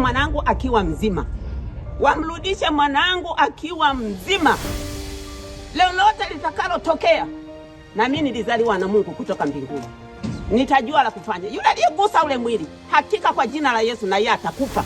mwanangu akiwa mzima, wamrudishe mwanangu akiwa mzima. Lolote litakalotokea, na mimi nilizaliwa na Mungu kutoka mbinguni, nitajua la kufanya. Yule aliyegusa ule mwili, hakika kwa jina la Yesu, na yeye atakufa.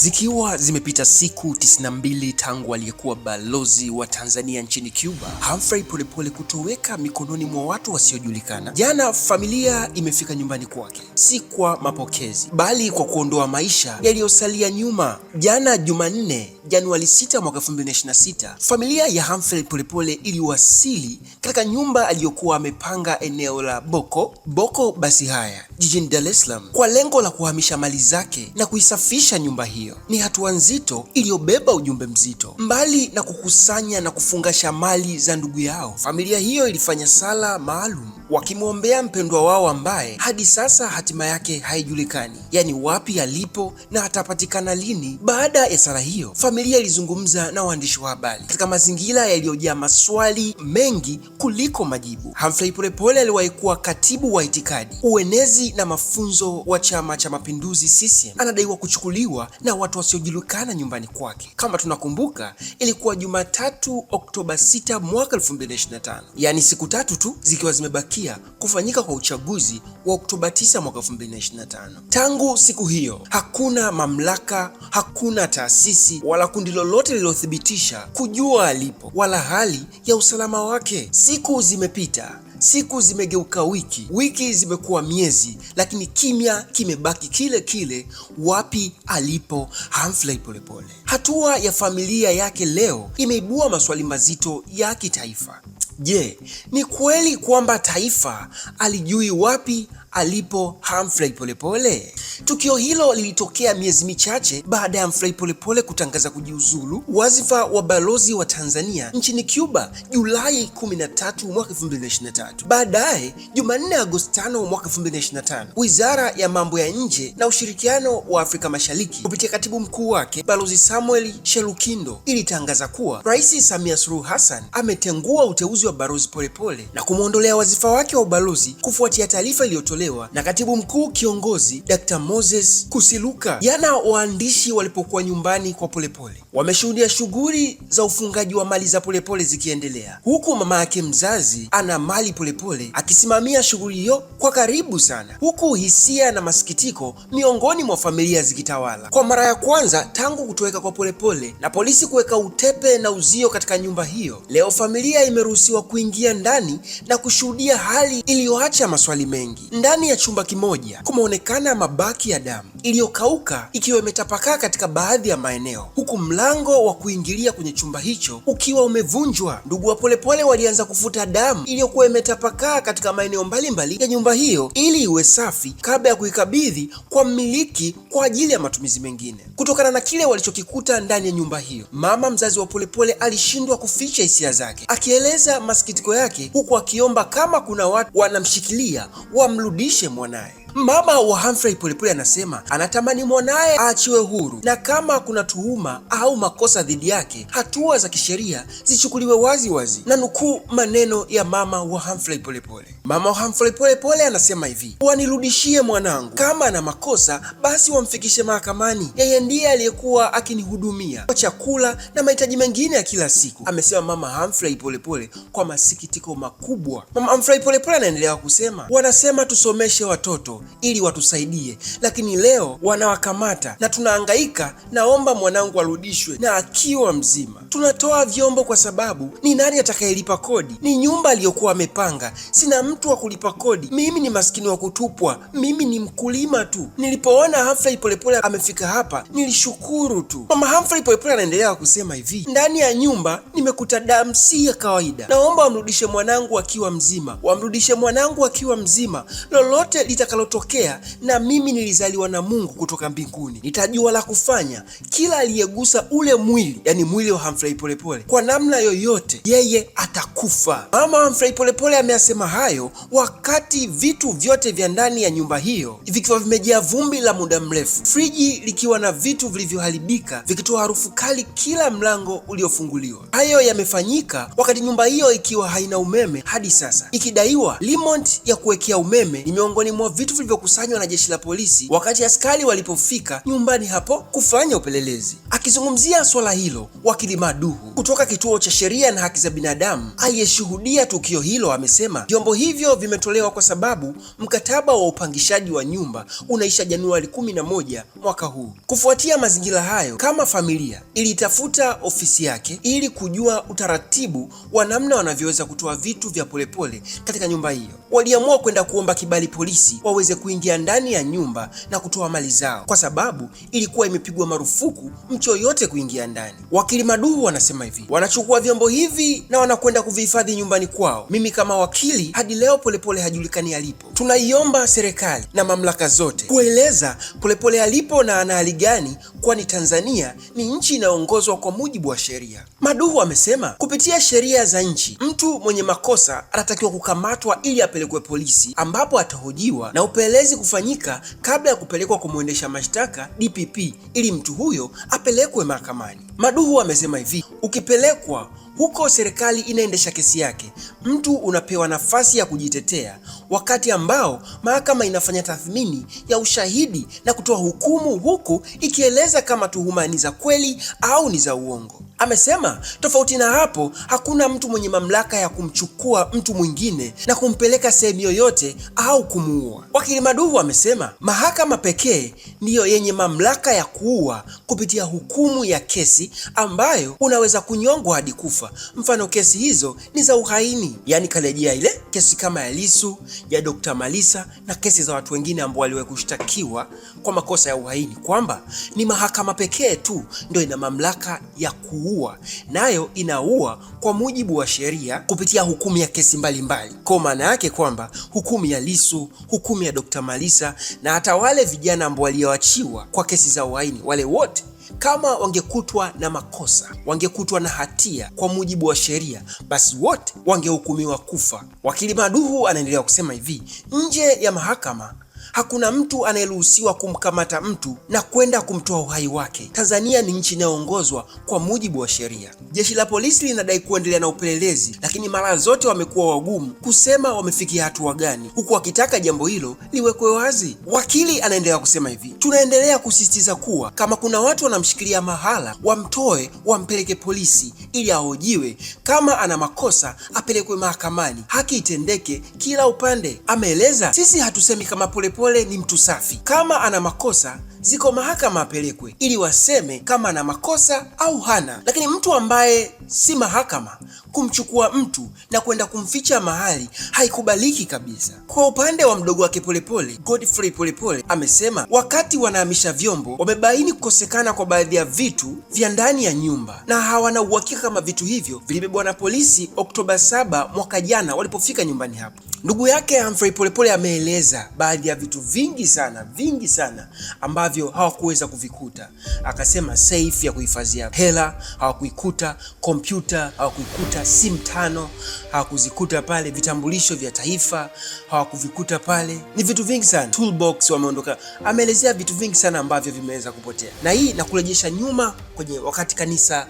Zikiwa zimepita siku 92 tangu aliyekuwa balozi wa Tanzania nchini Cuba, Humphrey Polepole kutoweka mikononi mwa watu wasiojulikana, jana familia imefika nyumbani kwake, si kwa mapokezi, bali kwa kuondoa maisha yaliyosalia nyuma. Jana Jumanne Januari 6 mwaka 2026, familia ya Humphrey Polepole iliwasili katika nyumba aliyokuwa amepanga eneo la Boko Boko basi haya jijini Dar es Salaam kwa lengo la kuhamisha mali zake na kuisafisha nyumba hiyo. Ni hatua nzito iliyobeba ujumbe mzito. Mbali na kukusanya na kufungasha mali za ndugu yao, familia hiyo ilifanya sala maalum wakimwombea mpendwa wao ambaye hadi sasa hatima yake haijulikani, yaani wapi alipo na atapatikana lini. Baada ya sala hiyo, familia ilizungumza na waandishi wa habari katika mazingira yaliyojaa maswali mengi kuliko majibu. Humphrey Polepole aliwahi kuwa katibu wa itikadi, uenezi na mafunzo wa Chama cha Mapinduzi CCM, anadaiwa kuchukuliwa na watu wasiojulikana nyumbani kwake. Kama tunakumbuka, ilikuwa Jumatatu Oktoba 6 mwaka 2025, yaani siku tatu tu zikiwa zimebaki kufuatia kufanyika kwa uchaguzi wa Oktoba 9 mwaka 2025. Tangu siku hiyo, hakuna mamlaka, hakuna taasisi wala kundi lolote lililothibitisha kujua alipo wala hali ya usalama wake. Siku zimepita Siku zimegeuka wiki, wiki zimekuwa miezi, lakini kimya kimebaki kile kile. Wapi alipo Humphrey Polepole? Hatua ya familia yake leo imeibua maswali mazito ya kitaifa. Je, ni kweli kwamba taifa alijui wapi alipo Humphrey Polepole. Tukio hilo lilitokea miezi michache baada ya Humphrey Polepole kutangaza kujiuzulu wadhifa wa balozi wa Tanzania nchini Cuba Julai 13 mwaka 2023. Baadaye Jumanne Agosti 5 mwaka 2025, Wizara ya Mambo ya Nje na Ushirikiano wa Afrika Mashariki kupitia katibu mkuu wake Balozi Samuel Shelukindo ilitangaza kuwa Rais Samia Suluhu Hassan ametengua uteuzi wa Balozi Polepole na kumwondolea wadhifa wake wa ubalozi kufuatia taarifa iliyotolewa yaliyotolewa na katibu mkuu kiongozi Dr. Moses Kusiluka jana waandishi walipokuwa nyumbani kwa Polepole. Wameshuhudia shughuli za ufungaji wa mali za Polepole zikiendelea, huku mama yake mzazi ana mali Polepole akisimamia shughuli hiyo kwa karibu sana, huku hisia na masikitiko miongoni mwa familia zikitawala. Kwa mara ya kwanza tangu kutoweka kwa Polepole na polisi kuweka utepe na uzio katika nyumba hiyo, leo familia imeruhusiwa kuingia ndani na kushuhudia hali iliyoacha maswali mengi ndani ndani ya chumba kimoja kumeonekana mabaki ya damu iliyokauka ikiwa imetapakaa katika baadhi ya maeneo, huku mlango wa kuingilia kwenye chumba hicho ukiwa umevunjwa. Ndugu wa Polepole walianza kufuta damu iliyokuwa imetapakaa katika maeneo mbalimbali ya nyumba hiyo ili iwe safi kabla ya kuikabidhi kwa mmiliki kwa ajili ya matumizi mengine. Kutokana na kile walichokikuta ndani ya nyumba hiyo, mama mzazi wa Polepole alishindwa kuficha hisia zake, akieleza masikitiko yake, huku akiomba kama kuna watu wanamshikilia wamrudishe mwanaye. Mama wa Humphrey Polepole anasema anatamani mwanaye aachiwe huru, na kama kuna tuhuma au makosa dhidi yake, hatua za kisheria zichukuliwe wazi wazi. Na nukuu maneno ya mama wa Humphrey Polepole. Mama wa Humphrey Polepole anasema hivi: wanirudishie mwanangu, kama ana makosa basi wamfikishe mahakamani. Yeye ndiye aliyekuwa akinihudumia kwa chakula na mahitaji mengine ya kila siku, amesema mama Humphrey Polepole kwa masikitiko makubwa. Mama Humphrey Polepole anaendelea kusema, wanasema tusomeshe watoto ili watusaidie, lakini leo leo wanawakamata na tunaangaika naomba mwanangu arudishwe na akiwa mzima. Tunatoa vyombo kwa sababu ni nani atakayelipa kodi? Ni nyumba aliyokuwa amepanga. Sina mtu wa kulipa kodi, mimi ni maskini wa kutupwa, mimi ni mkulima tu. Nilipoona Humphrey Polepole amefika hapa nilishukuru tu. Mama Humphrey Polepole anaendelea kusema hivi, ndani ya nyumba nimekuta damu si ya kawaida. Naomba wamrudishe mwanangu akiwa mzima, wamrudishe mwanangu akiwa mzima. Lolote litakalotokea, na mimi nilizaliwa na Mungu kutoka mbinguni, nitajua la kufanya kila aliyegusa ule mwili, yani mwili wa Humphrey Polepole, kwa namna yoyote, yeye atakufa. Mama Humphrey Polepole ameyasema hayo wakati vitu vyote vya ndani ya nyumba hiyo vikiwa vimejaa vumbi la muda mrefu, friji likiwa na vitu vilivyoharibika vikitoa harufu kali kila mlango uliofunguliwa. Hayo yamefanyika wakati nyumba hiyo ikiwa haina umeme hadi sasa, ikidaiwa remote ya kuwekea umeme ni miongoni mwa vitu vilivyokusanywa na jeshi la polisi wakati askari walipofika nyumbani hapo kufanya upelelezi. Akizungumzia swala hilo, wakili Maduhu kutoka kituo cha sheria na haki za binadamu aliyeshuhudia tukio hilo amesema vyombo hivyo vimetolewa kwa sababu mkataba wa upangishaji wa nyumba unaisha Januari 11 mwaka huu. Kufuatia mazingira hayo, kama familia ilitafuta ofisi yake ili kujua utaratibu wa namna wanavyoweza kutoa vitu vya polepole katika nyumba hiyo waliamua kwenda kuomba kibali polisi waweze kuingia ndani ya nyumba na kutoa mali zao, kwa sababu ilikuwa imepigwa marufuku mtu yoyote kuingia ndani. Wakili Maduhu wanasema hivi, wanachukua vyombo hivi na wanakwenda kuvihifadhi nyumbani kwao. Mimi kama wakili hadi leo Polepole hajulikani alipo. Tunaiomba serikali na mamlaka zote kueleza Polepole alipo na ana hali gani, kwani Tanzania ni nchi inayoongozwa kwa mujibu wa sheria. Maduhu amesema kupitia sheria za nchi mtu mwenye makosa anatakiwa kukamatwa ili apelekwe polisi ambapo atahojiwa na upelelezi kufanyika kabla ya kupelekwa kwa mwendesha mashtaka DPP ili mtu huyo apelekwe mahakamani. Maduhu amesema hivi, ukipelekwa huko serikali inaendesha kesi yake, mtu unapewa nafasi ya kujitetea, wakati ambao mahakama inafanya tathmini ya ushahidi na kutoa hukumu, huku ikieleza kama tuhuma ni za kweli au ni za uongo. Amesema tofauti na hapo, hakuna mtu mwenye mamlaka ya kumchukua mtu mwingine na kumpeleka sehemu yoyote au kumuua. Wakili Maduhu amesema mahakama pekee ndiyo yenye mamlaka ya kuua kupitia hukumu ya kesi ambayo unaweza kunyongwa hadi kufa. Mfano kesi hizo ni za uhaini, yaani karejea ile kesi kama ya lisu ya Dr. Malisa na kesi za watu wengine ambao waliwahi kushtakiwa kwa makosa ya uhaini, kwamba ni mahakama pekee tu ndio ina mamlaka ya kuua, nayo inaua kwa mujibu wa sheria kupitia hukumu ya kesi mbalimbali. Kwa maana yake kwamba hukumu ya Lisu, hukumu ya Dr. Malisa na hata wale vijana ambao walioachiwa kwa kesi za uhaini, wale wote kama wangekutwa na makosa, wangekutwa na hatia kwa mujibu wa sheria, basi wote wangehukumiwa kufa. Wakili Maduhu anaendelea kusema hivi, nje ya mahakama Hakuna mtu anayeruhusiwa kumkamata mtu na kwenda kumtoa uhai wake. Tanzania ni nchi inayoongozwa kwa mujibu wa sheria. Jeshi la polisi linadai kuendelea na upelelezi, lakini mara zote wamekuwa wagumu kusema wamefikia hatua gani, huku wakitaka jambo hilo liwekwe wazi. Wakili anaendelea kusema hivi: tunaendelea kusisitiza kuwa kama kuna watu wanamshikilia mahala, wamtoe wampeleke polisi ili ahojiwe. Kama ana makosa apelekwe mahakamani, haki itendeke kila upande, ameeleza. Sisi hatusemi kama Polepole pole ni mtu safi. Kama ana makosa ziko mahakama apelekwe ili waseme kama ana makosa au hana, lakini mtu ambaye si mahakama kumchukua mtu na kwenda kumficha mahali haikubaliki kabisa. Kwa upande wa mdogo wake Polepole, Godfrey Polepole amesema wakati wanahamisha vyombo wamebaini kukosekana kwa baadhi ya vitu vya ndani ya nyumba na hawana uhakika kama vitu hivyo vilibebwa na polisi Oktoba 7 mwaka jana walipofika nyumbani hapo. Ndugu yake Humphrey Polepole ameeleza baadhi ya vitu vingi sana vingi sana ambavyo hawakuweza kuvikuta. Akasema safe ya kuhifadhia hela hawakuikuta, kompyuta hawakuikuta, simu tano hawakuzikuta pale, vitambulisho vya taifa hawakuvikuta pale, ni vitu vingi sana, toolbox wameondoka. Ameelezea vitu vingi sana ambavyo vimeweza kupotea, na hii na kurejesha nyuma kwenye wakati kanisa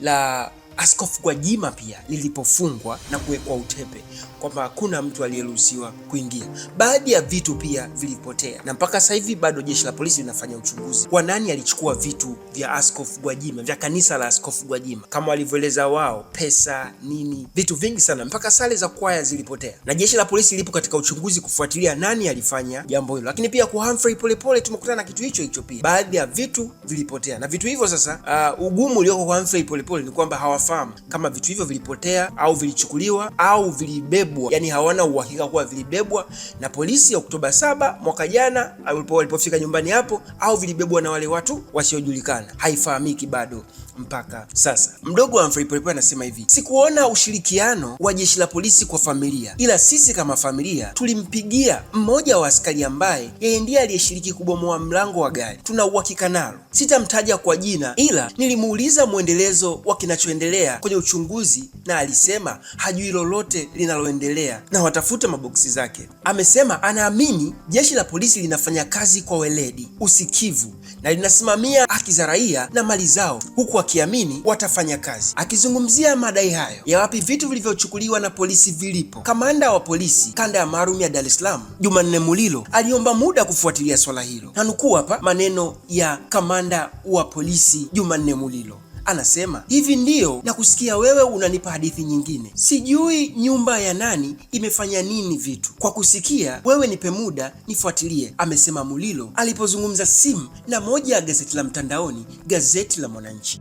la Askofu Gwajima pia lilipofungwa na kuwekwa utepe kwamba hakuna mtu aliyeruhusiwa kuingia. Baadhi ya vitu pia vilipotea, na mpaka sasa hivi bado jeshi la polisi linafanya uchunguzi kwa nani alichukua vitu vya Askofu Gwajima, vya kanisa la Askofu Gwajima, kama walivyoeleza wao, pesa nini, vitu vingi sana, mpaka sare za kwaya zilipotea, na jeshi la polisi lipo katika uchunguzi kufuatilia nani alifanya jambo hilo. Lakini pia kwa Humphrey Polepole tumekutana na kitu hicho hicho pia, baadhi ya vitu vilipotea na vitu hivyo sasa, uh, ugumu ulioko kwa Humphrey Polepole ni kwamba hawafahamu kama vitu hivyo vilipotea au vilichukuliwa au vilibebwa vilibebwa, yani hawana uhakika kuwa vilibebwa na polisi Oktoba saba mwaka jana walipofika nyumbani hapo, au vilibebwa na wale watu wasiojulikana, haifahamiki bado mpaka sasa. Mdogo wa Humphrey Polepole anasema hivi, sikuona ushirikiano wa jeshi la polisi kwa familia, ila sisi kama familia tulimpigia mmoja wa askari ambaye yeye ndiye aliyeshiriki kubomoa mlango wa gari. Tuna uhakika nalo, sitamtaja kwa jina, ila nilimuuliza mwendelezo wa kinachoendelea kwenye uchunguzi na alisema hajui lolote linaloendelea na watafute maboksi zake. Amesema anaamini jeshi la polisi linafanya kazi kwa weledi, usikivu na linasimamia haki za raia na mali zao huku wakiamini watafanya kazi. Akizungumzia madai hayo ya wapi vitu vilivyochukuliwa na polisi vilipo, kamanda wa polisi kanda ya maalum ya Dar es Salaam Jumanne Mulilo aliomba muda kufuatilia swala hilo, na nukuu hapa maneno ya kamanda wa polisi Jumanne Mulilo anasema hivi: ndiyo na kusikia wewe unanipa hadithi nyingine, sijui nyumba ya nani imefanya nini vitu, kwa kusikia wewe nipe muda nifuatilie, amesema Mulilo alipozungumza simu na moja ya gazeti la mtandaoni, gazeti la Mwananchi.